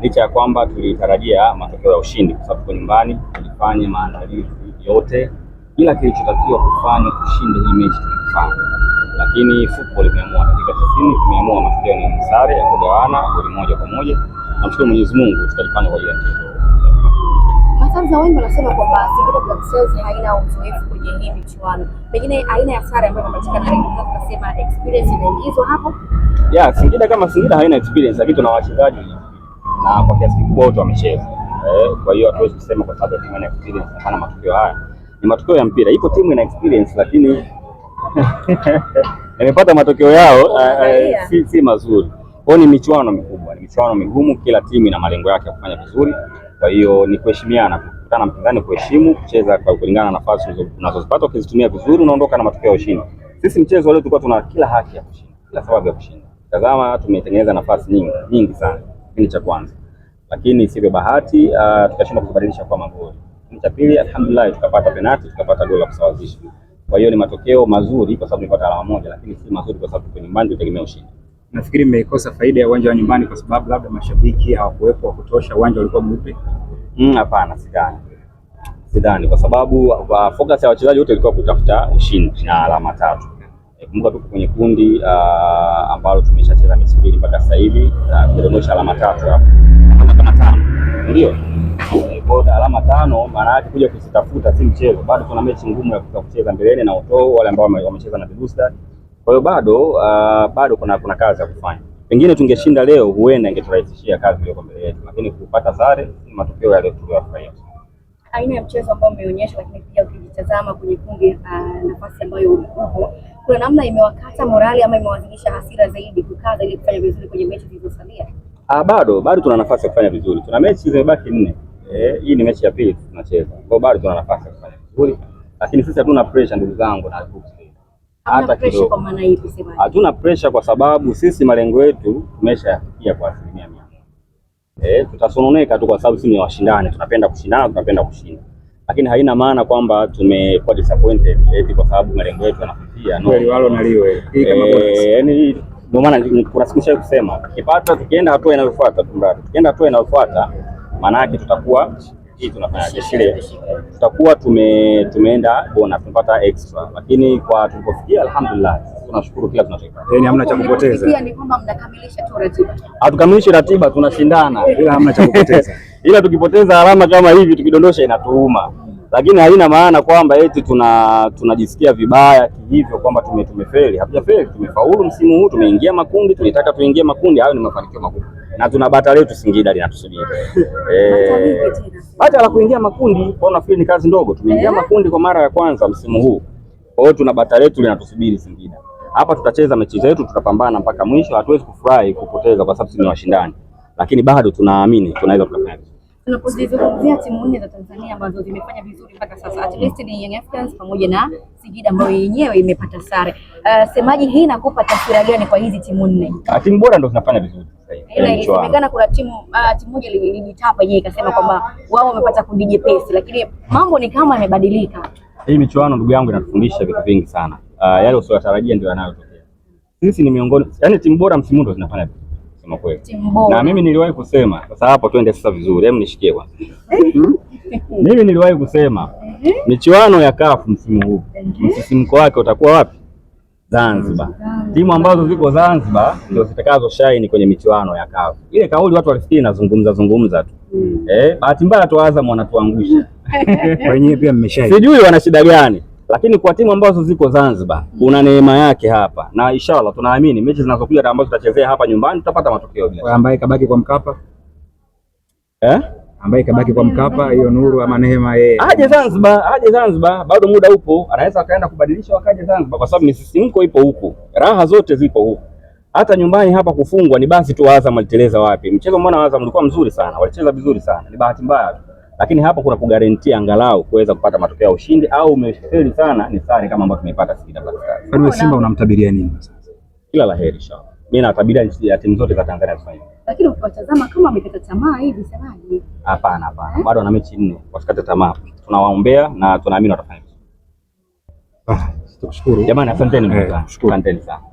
licha ya kwamba tulitarajia matokeo ya ushindi, kwa sababu nyumbani tulifanya maandalizi yote, ila kilichotakiwa kufanya kushinda hii mechi tulifanya, lakini football imeamua dakika 90 imeamua matokeo ni sare ya kugawana goli moja kwa moja. Namshukuru Mwenyezi Mungu tutajipanga kwa ajili ya mchezo. Matanzania wengi wanasema kwamba Singida Black Stars haina uzoefu kwenye hii michuano, pengine aina ya sare ambayo inapatikana leo, tunasema experience inaingizwa hapo. Yeah, Singida kama Singida haina experience, lakini tuna wachezaji na kwa kiasi kikubwa wote wamecheza. Eh, kwa hiyo hatuwezi kusema kwa sababu timu ina experience hapana. Matukio haya ni matukio ya mpira, ipo timu ina experience lakini imepata matokeo yao uh, uh, si, si mazuri. Kwa ni michuano mikubwa, ni michuano migumu, kila timu ina malengo yake ya kufanya vizuri. Kwa hiyo ni kuheshimiana, kukutana mpinzani, kuheshimu, kucheza kwa kulingana na nafasi unazozipata. Ukizitumia vizuri, unaondoka na matokeo ya ushindi. Sisi mchezo leo tulikuwa tuna kila haki ya kushinda, kila sababu ya kushinda. Tazama, tumetengeneza nafasi nyingi nyingi sana kipindi cha kwanza, lakini sivyo bahati uh, tukashindwa kubadilisha kwa magoli. Kipindi cha pili alhamdulillah, tukapata penalti, tukapata goli la kusawazisha. Kwa hiyo ni matokeo mazuri kwa sababu nilipata alama moja, lakini si mazuri kwa sababu nyumbani tutegemea ushindi. Nafikiri mmeikosa faida ya uwanja wa nyumbani kwa sababu labda mashabiki hawakuwepo wa kutosha, uwanja ulikuwa mweupe. Mm, hapana, mm, sidhani sidhani, kwa sababu ah, focus ya wachezaji wote ilikuwa kutafuta ushindi na alama tatu. Kumbuka tuko kwenye kundi uh, ambalo tumeshacheza mechi mbili mpaka sasa hivi na kudondosha alama tatu hapo, kama tano ndio eh, kwa alama tano, maana yake kuja kuzitafuta si mchezo. Bado tuna mechi ngumu ya kucheza mbeleni na Otoo, wale ambao wamecheza na Bigusta. Kwa hiyo bado uh, bado kuna kuna kazi ya kufanya. Pengine tungeshinda leo, huenda ingeturahisishia kazi iliyoko mbele yetu, lakini kupata sare ni matokeo yale tuliyofurahia aina ya mchezo ambao umeonyeshwa, lakini pia ukijitazama kwenye kundi uh, nafasi ambayo uko kuna namna imewakata morali ama imewazidisha hasira zaidi kukaza ili kufanya vizuri kwenye mechi zilizosalia? Ah, bado bado tuna nafasi ya kufanya vizuri, tuna mechi zimebaki nne. Eh, hii ni mechi ya pili tunacheza, kwa bado tuna nafasi ya kufanya vizuri, lakini sisi hatuna pressure ndugu zangu na hata kidogo. Kwa maana hii tuseme hatuna pressure kwa sababu sisi malengo yetu tumeshayafikia kwa asilimia mia. Eh, tutasononeka tu kwa sababu sisi ni washindani, tunapenda kushindana, tunapenda kushinda, lakini haina maana kwamba tumekuwa disappointed eti kwa sababu malengo yetu yana pia walo na liwe eh, yani, ndio maana kusema tukipata, tukienda hatua inayofuata tumradi, tukienda hatua inayofuata maana yake tutakuwa hii tunafanya shule, tutakuwa tume tumeenda bona tumepata extra, lakini kwa tulipofikia, alhamdulillah, tunashukuru kila yani hamna cha kupoteza. Pia ni kwamba mnakamilisha tu ratiba, hatukamilishe ratiba, tunashindana ila hamna cha kupoteza, ila tukipoteza alama kama hivi tukidondosha inatuuma lakini haina maana kwamba eti tuna tunajisikia vibaya hivyo kwamba tume tumefeli. Hatujafeli, tumefaulu msimu huu, tumeingia makundi, tulitaka tuingie makundi, hayo ni mafanikio makubwa, na tuna bata letu Singida linatusubiri eh, bata la kuingia makundi. Kwa nafikiri ni kazi ndogo, tumeingia eh? makundi kwa mara ya kwanza msimu huu, kwa hiyo tuna bata letu linatusubiri Singida. Hapa tutacheza mechi zetu, tutapambana mpaka mwisho. Hatuwezi kufurahi kupoteza kwa sababu ni washindani, lakini bado tunaamini tunaweza tukafanya tunapozizungumzia timu nne za Tanzania ambazo zimefanya vizuri mpaka sasa at least ni Young Africans pamoja na Singida ambayo yenyewe imepata sare. Uh, semaji hii inakupa taswira gani kwa hizi timu nne? Ah, timu bora ndio zinafanya vizuri sasa hivi. Inasemekana kuna timu uh, timu moja ilijitapa yeye ikasema kwamba wao wamepata kundi jepesi, lakini mambo ni kama yamebadilika. Hii michuano ndugu yangu inatufundisha vitu vingi sana. Uh, yale usiyotarajia ndio yanayotokea. Sisi ni miongoni, yani timu bora msimu ndio zinafanya vizuri kusema kweli, na mimi niliwahi kusema. Sasa hapo twende sasa vizuri, hem nishikie kwanza hmm? Mimi niliwahi kusema mhm. michuano ya kafu msimu huu mhm. msisimko wake utakuwa wapi? Zanzibar. Timu ambazo ziko Zanzibar ndio zitakazo shine kwenye michuano ya kafu. Ile kauli watu walifikiri nazungumza zungumza tu mm. Eh, bahati mbaya tu Azam wanatuangusha wenyewe pia mmeshai, sijui wana shida gani lakini kwa timu ambazo ziko Zanzibar kuna neema yake hapa, na inshallah tunaamini mechi zinazokuja ambazo tutachezea hapa nyumbani tutapata matokeo bila ambaye kabaki kwa Mkapa eh? ambaye kabaki kwa Mkapa, hiyo nuru ama neema yeye. Aje Zanzibar, aje Zanzibar, bado muda upo, anaweza akaenda kubadilisha wakaje Zanzibar, kwa sababu misisimko ipo huku, raha zote zipo huku. Hata nyumbani hapa kufungwa ni basi tu. Azam aliteleza wapi mchezo? Mbona Azam ulikuwa mzuri sana, walicheza vizuri sana, ni bahati mbaya lakini hapo kuna kugarantia angalau kuweza kupata matokeo ya ushindi, au umefeli sana ni sare kama ambayo tumeipata Singida Black Stars. Kwa hiyo Simba unamtabiria nini sasa? Kila la heri inshallah. Mimi natabiria ya timu zote za Tanzania tufanye. Lakini ukiwatazama kama wamekata tamaa hivi semaje? Hapana, hapana. Eh? Bado wana mechi nne. Wasikate tamaa. Tunawaombea na tunaamini watafanya. Ah, tukushukuru. Jamani asanteni mtaza. Eh, asanteni sana.